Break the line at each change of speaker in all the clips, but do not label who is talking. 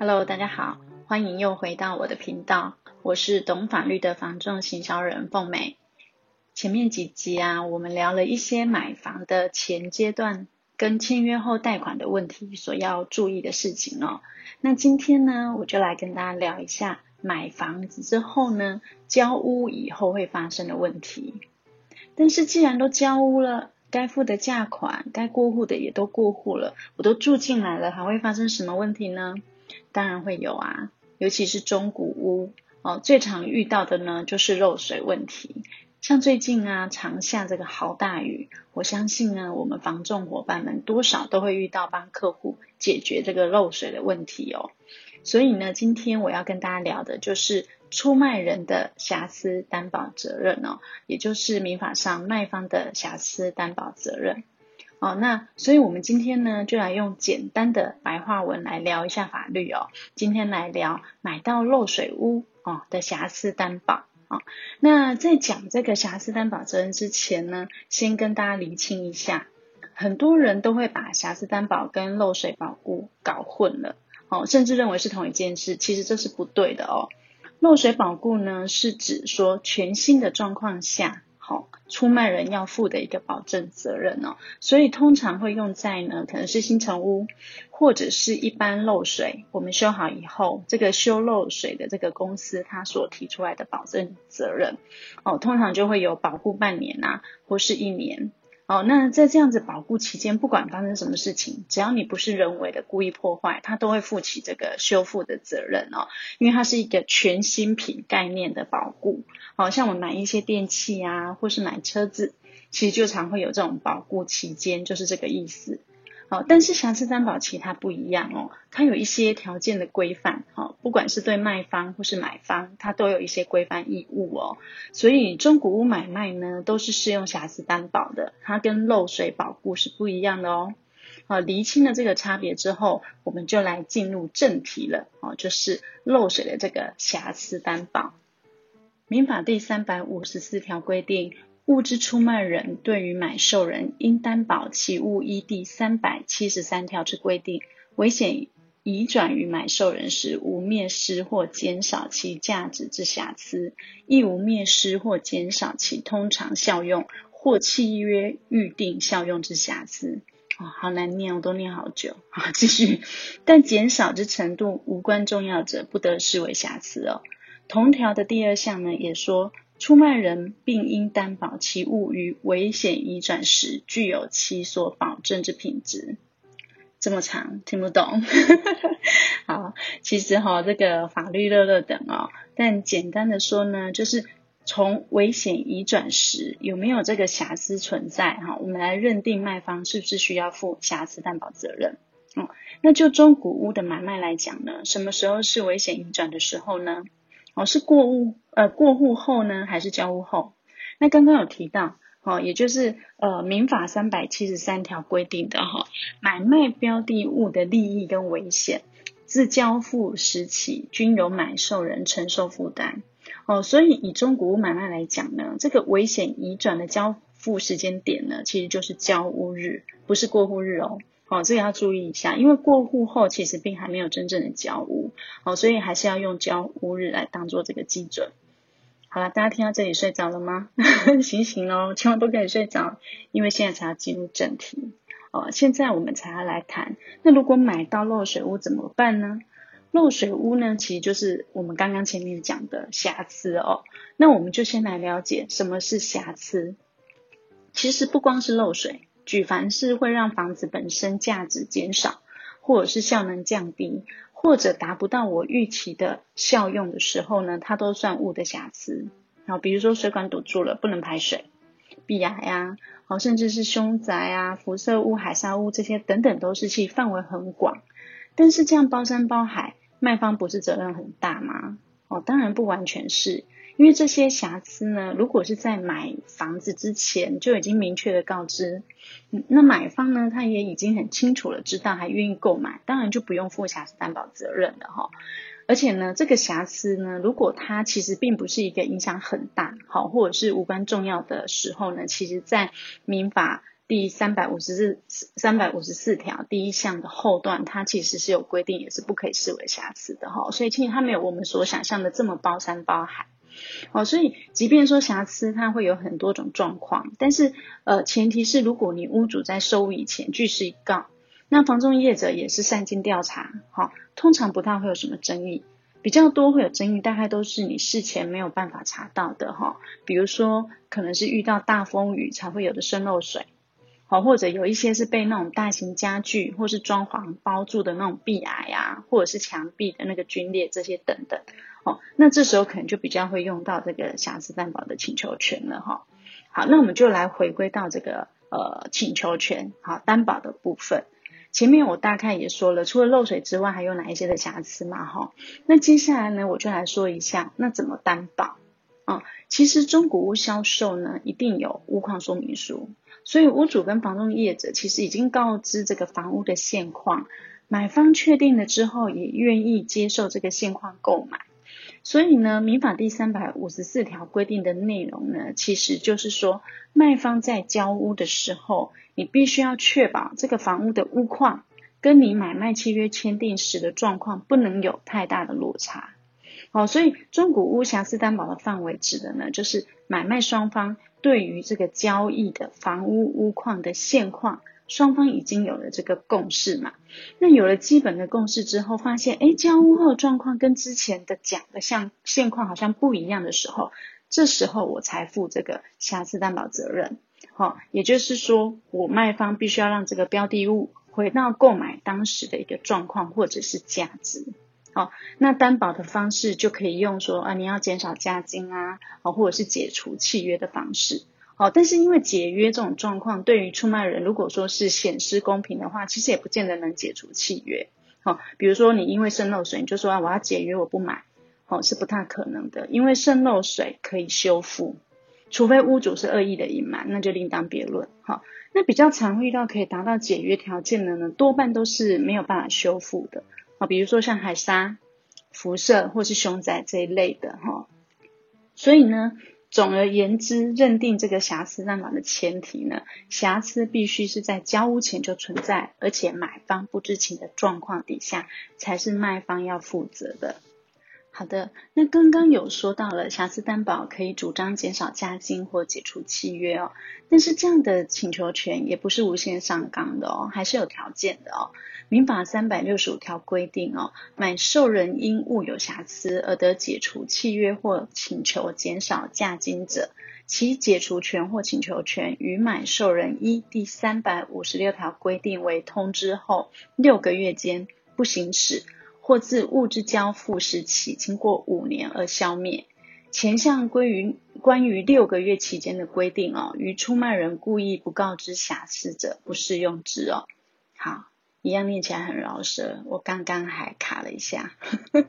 Hello，大家好，歡迎又回到我的頻道，我是懂法律的房仲行銷人鳳美。前面幾集啊，我們聊了一些買房的前階段跟簽約後貸款的問題所要注意的事情哦。那今天呢，我就來跟大家聊一下買房子之後呢，交屋以後會發生的問題。但是既然都交屋了，該付的價款、該過戶的也都過戶了，我都住進來了，還會發生什麼問題呢？當然會有啊，尤其是中古屋哦，最常遇到的呢，就是漏水問題。像最近啊，常下這個豪大雨，我相信呢，我們房仲夥伴們多少都會遇到幫客戶解決這個漏水的問題哦。所以呢，今天我要跟大家聊的就是出賣人的瑕疵擔保責任哦，也就是民法上賣方的瑕疵擔保責任。哦，那所以我們今天呢，就來用簡單的白話文來聊一下法律哦。今天來聊買到漏水屋哦的瑕疵擔保啊，哦。那在講這個瑕疵擔保責任之前呢，先跟大家釐清一下，很多人都會把瑕疵擔保跟漏水保固搞混了哦，甚至認為是同一件事，其實這是不對的哦。漏水保固呢，是指說全新的狀況下。哦、出賣人要負的一個保證責任哦，所以通常會用在呢，可能是新成屋或者是一般漏水，我們修好以後，這個修漏水的這個公司他所提出來的保證責任哦，通常就會有保固半年吶、啊，或是一年。哦，那在這樣子保固期間，不管發生什麼事情，只要你不是人為的故意破壞，它都會負起這個修復的責任哦。因為它是一個全新品概念的保固，好，哦，像我們買一些電器啊，或是買車子，其實就常會有這種保固期間，就是這個意思。好，但是瑕疵擔保其他不一樣哦，它有一些條件的規範，好、哦，不管是對賣方或是買方，它都有一些規範義務哦。所以中古屋買賣呢，都是適用瑕疵擔保的，它跟漏水保固是不一樣的哦。好、哦，釐清了這個差別之後，我們就來進入正題了，哦，就是漏水的這個瑕疵擔保。民法第三百五十四條規定，物之出賣人對於買受人，應擔保其物依第三百七十三條之規定，危險移轉於買受人時，無滅失或減少其價值之瑕疵，亦無滅失或減少其通常效用或契約預定效用之瑕疵。哦，好難念，我都念好久。好，繼續。但減少之程度無關重要者，不得視為瑕疵哦。同條的第二項呢，也說。出賣人並應擔保其物於危險移轉時，具有其所保證之品質。這麼長，聽不懂。 好，其實哈、哦，這個法律樂樂等哦。但簡單的說呢，就是從危險移轉時有沒有這個瑕疵存在哈，我們來認定賣方是不是需要負瑕疵擔保責任。嗯、那就中古屋的買賣來講呢，什麼時候是危險移轉的時候呢？哦，是過戶呃過戶後呢，還是交屋後？那剛剛有提到，哦，也就是呃民法三百七十三條規定的哈、哦，買賣標的物的利益跟危險自交付時起，均由買受人承受負擔。哦，所以以中古屋買賣來講呢，這個危險移轉的交付時間點呢，其實就是交屋日，不是過戶日哦。哦，這個要注意一下，因為過戶後其實並還沒有真正的交屋，哦，所以還是要用交屋日來當做這個基準。好了，大家聽到這裡睡着了嗎？醒 醒哦，千萬不可以睡着，因為現在才要進入正題。哦，現在我們才要來談，那如果買到漏水屋怎麼辦呢？漏水屋呢，其實就是我們剛剛前面講的瑕疵哦。那我們就先來了解什麼是瑕疵。其實不光是漏水。舉凡是會讓房子本身價值減少，或者是效能降低，或者達不到我預期的效用的時候呢，它都算物的瑕疵。好，比如說水管堵住了不能排水、壁癌呀，哦，甚至是凶宅啊、輻射屋、海砂屋這些等等，都是其範圍很廣。但是這樣包山包海，賣方不是責任很大嗎？哦，當然不完全是。因為這些瑕疵呢，如果是在買房子之前就已經明確的告知，嗯，那買方呢，他也已經很清楚了，知道還願意購買，當然就不用負瑕疵擔保責任了哈、哦。而且呢，這個瑕疵呢，如果它其實並不是一個影響很大，好，或者是無關重要的時候呢，其實在民法第三百五十四三百五十四條第一項的後段，它其實是有規定，也是不可以視為瑕疵的哈、哦。所以其實它沒有我們所想象的這麼包山包海。哦，所以即便說瑕疵，它會有很多種狀況，但是呃，前提是如果你屋主在收屋以前據實以告，那房仲業者也是善盡調查，哈、哦，通常不太會有什麼爭議，比較多會有爭議，大概都是你事前沒有辦法查到的哈、哦，比如說可能是遇到大風雨才會有的滲漏水。哦，或者有一些是被那種大型家具或是裝潢包住的那種壁癌啊，或者是牆壁的那個龜裂，這些等等，哦，那這時候可能就比較會用到這個瑕疵擔保的請求權了哈。好，那我們就來回歸到這個呃請求權，好擔保的部分。前面我大概也說了，除了漏水之外，還有哪一些的瑕疵嘛？哈、哦，那接下來呢，我就來說一下那怎麼擔保。啊、哦，其實中古屋銷售呢，一定有屋況說明書，所以屋主跟房仲業者其實已經告知這個房屋的現況，買方確定了之後，也願意接受這個現況購買。所以呢，《民法》第三百五十四條規定的內容呢，其實就是說，賣方在交屋的時候，你必須要確保這個房屋的屋況跟你買賣契約簽訂時的狀況不能有太大的落差。好、哦，所以中古屋瑕疵擔保的範圍指的呢，就是買賣雙方對於這個交易的房屋屋況的現況，雙方已經有了這個共識嘛。那有了基本的共識之後，發現誒，交屋後狀況跟之前的講的像現況好像不一樣的時候，這時候我才負這個瑕疵擔保責任。好、哦，也就是說，我賣方必須要讓這個標的物回到購買當時的一個狀況或者是價值。好、哦，那擔保的方式就可以用說啊，你要減少價金啊，啊或者是解除契約的方式。好、哦，但是因為解約這種狀況，對於出賣人如果說是顯失公平的話，其實也不見得能解除契約。好、哦，比如說你因為滲漏水，你就說、啊、我要解約，我不買，好、哦、是不太可能的，因為滲漏水可以修復，除非屋主是惡意的隱瞞，那就另當別論。好、哦，那比較常遇到可以達到解約條件的呢，多半都是沒有辦法修復的。啊，比如說像海砂、輻射或是凶宅這一類的哈，所以呢，總而言之，認定這個瑕疵擔保的前提呢，瑕疵必須是在交屋前就存在，而且買方不知情的狀況底下，才是賣方要負責的。好的，那剛剛有說到了瑕疵擔保可以主張減少價金或解除契約哦，但是這樣的請求權也不是無限上綱的哦，還是有條件的哦。民法三百六十五條規定哦，買受人因物有瑕疵而得解除契約或請求減少價金者，其解除權或請求權於買受人依第三百五十六條規定為通知後六個月間不行使，或自物質交付時期經過五年而消滅。前項歸於關於六個月期間的規定，哦，於出賣人故意不告知瑕疵者，不適用之。哦，好，一樣念起來很饒舌，我剛剛還卡了一下，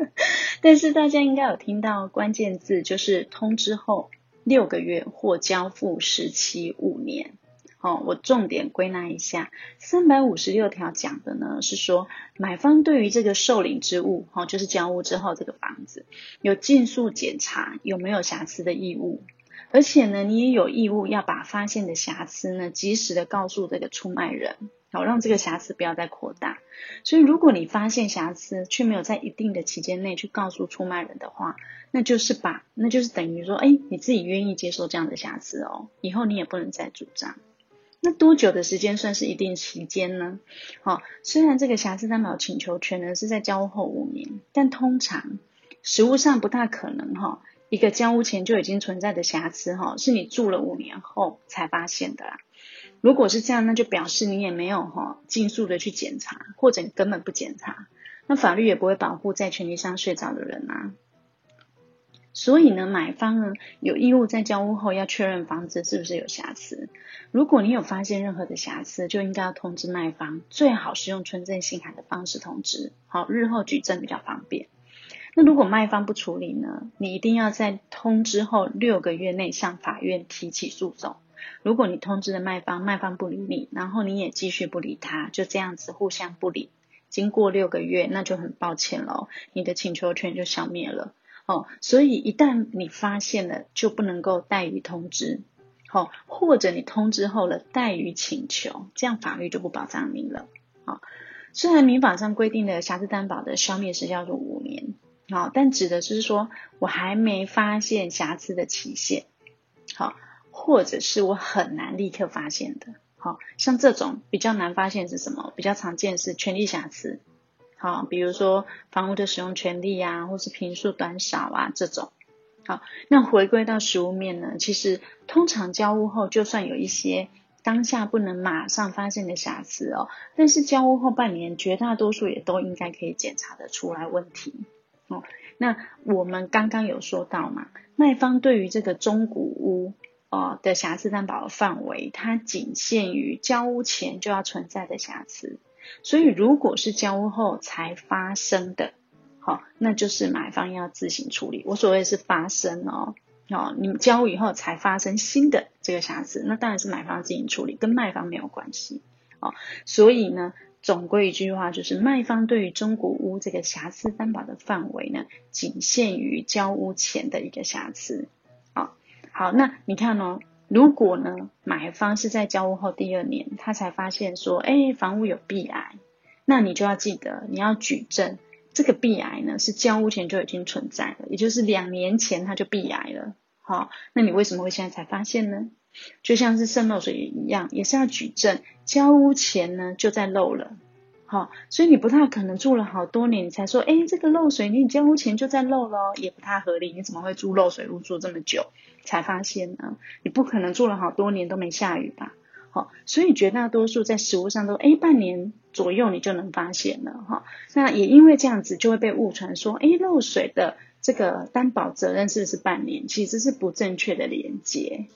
但是大家應該有聽到關鍵字，就是通知後六個月或交付時期五年。哦，我重點歸納一下，三百五十六條講的呢是說，買方對於這個受領之物，哈、哦，就是交屋之後這個房子，有盡速檢查有沒有瑕疵的義務，而且呢，你也有義務要把發現的瑕疵呢，及時的告訴這個出賣人，好、哦、讓這個瑕疵不要再擴大。所以，如果你發現瑕疵卻沒有在一定的期間內去告訴出賣人的話，那就是把那就是等於說，哎，你自己願意接受這樣的瑕疵哦，以後你也不能再主張。那多久的時間算是一定期間呢？好、哦，雖然這個瑕疵擔保請求權呢是在交屋後五年，但通常實務上不大可能哈，一個交屋前就已經存在的瑕疵哈，是你住了五年後才發現的啦。如果是這樣，那就表示你也沒有哈盡速的去檢查，或者你根本不檢查，那法律也不會保護在權利上睡着的人啊。所以呢，買方呢有義務在交屋後要確認房子是不是有瑕疵。如果你有發現任何的瑕疵，就應該要通知賣方，最好是用存證信函的方式通知，好日後舉證比較方便。那如果賣方不處理呢，你一定要在通知後六個月內向法院提起訴訟。如果你通知了賣方，賣方不理你，然後你也繼續不理他，就這樣子互相不理，經過六個月，那就很抱歉嘍，你的請求權就消滅了。哦，所以一旦你發現了，就不能夠怠於通知，好、哦，或者你通知後了怠於請求，這樣法律就不保障你了。好、哦，雖然民法上規定的瑕疵擔保的消滅時效是五年，好、哦，但指的就是說我還沒發現瑕疵的期限，好、哦，或者是我很難立刻發現的，好、哦、像這種比較難發現的是什麼？比較常見是權利瑕疵。好，比如說房屋的使用權利呀、啊，或是坪數短少啊這種。好，那回歸到實務面呢，其實通常交屋後，就算有一些當下不能馬上發現的瑕疵哦，但是交屋後半年，絕大多數也都應該可以檢查得出來問題。哦，那我們剛剛有說到嘛，賣方對於這個中古屋哦的瑕疵擔保的範圍，它僅限於交屋前就要存在的瑕疵。所以，如果是交屋後才發生的，好、哦，那就是買方要自行處理。我所謂是發生哦，哦你們交屋以後才發生新的這個瑕疵，那當然是買方自行處理，跟賣方沒有關係。哦，所以呢，總歸一句話就是，賣方對於中古屋這個瑕疵擔保的範圍呢，僅限於交屋前的一個瑕疵。啊、哦，好，那你看哦。如果呢，買方是在交屋後第二年，他才發現說，哎，房屋有壁癌，那你就要記得，你要舉證，這個壁癌呢是交屋前就已經存在了，也就是兩年前他就壁癌了，好、哦，那你為什麼會現在才發現呢？就像是滲漏水一樣，也是要舉證，交屋前呢就在漏了。好、哦，所以你不太可能住了好多年，你才說，哎，這個漏水，你交屋前就在漏咯，也不太合理。你怎麼會住漏水屋住這麼久才發現呢？你不可能住了好多年都沒下雨吧？好、哦，所以絕大多數在實務上都，哎，半年左右你就能發現了。哈、哦，那也因為這樣子，就會被誤傳說，哎，漏水的這個擔保責任是不是半年，其實是不正確的連接。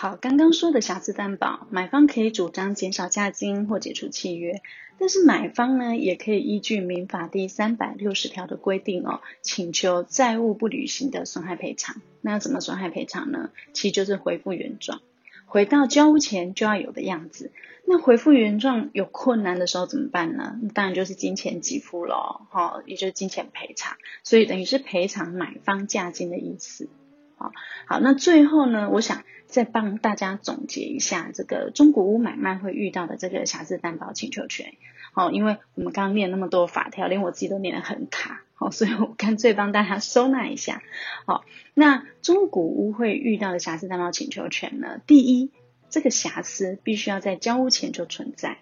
好，剛剛說的瑕疵擔保，買方可以主張減少價金或解除契約，但是買方呢，也可以依據民法第三百六十條的規定哦，請求債務不履行的損害賠償。那要怎麼損害賠償呢？其實就是回復原狀，回到交屋前就要有的樣子。那回復原狀有困難的時候怎麼辦呢？當然就是金錢給付咯，好，也就是金錢賠償。所以等於是賠償買方價金的意思。好，好，那最後呢，我想。再幫大家總結一下這個中古屋買賣會遇到的這個瑕疵擔保請求權，哦，因為我們剛剛念那麼多法條，連我自己都念得很卡，好，哦，所以我乾脆幫大家收納一下，好，哦，那中古屋會遇到的瑕疵擔保請求權呢？第一，這個瑕疵必須要在交屋前就存在；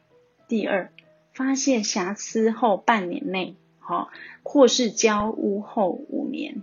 第二，發現瑕疵後半年內，哦，或是交屋後五年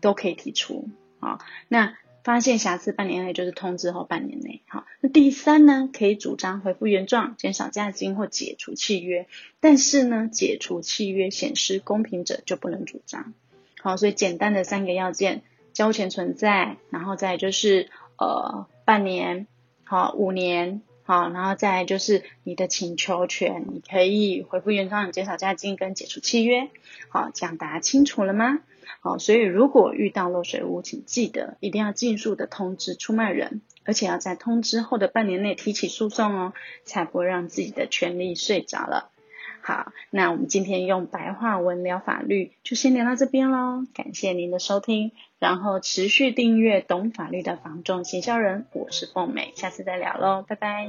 都可以提出，哦，那。發現瑕疵半年內就是通知後半年內，好，那第三呢，可以主張恢復原狀、減少價金或解除契約，但是呢，解除契約顯失公平者就不能主張。好，所以簡單的三個要件：交錢存在，然後再就是呃半年，好五年，好，然後再來就是你的請求權，你可以恢復原狀、減少價金跟解除契約。好，這樣答清楚了嗎？好，所以如果遇到漏水屋，請記得一定要盡速的通知出賣人，而且要在通知後的半年內提起訴訟哦，才不會讓自己的權利睡着了。好，那我們今天用白話文聊法律，就先聊到這邊嘍。感謝您的收聽，然後持續訂閱懂法律的房仲行銷人，我是鳳美，下次再聊嘍，拜拜。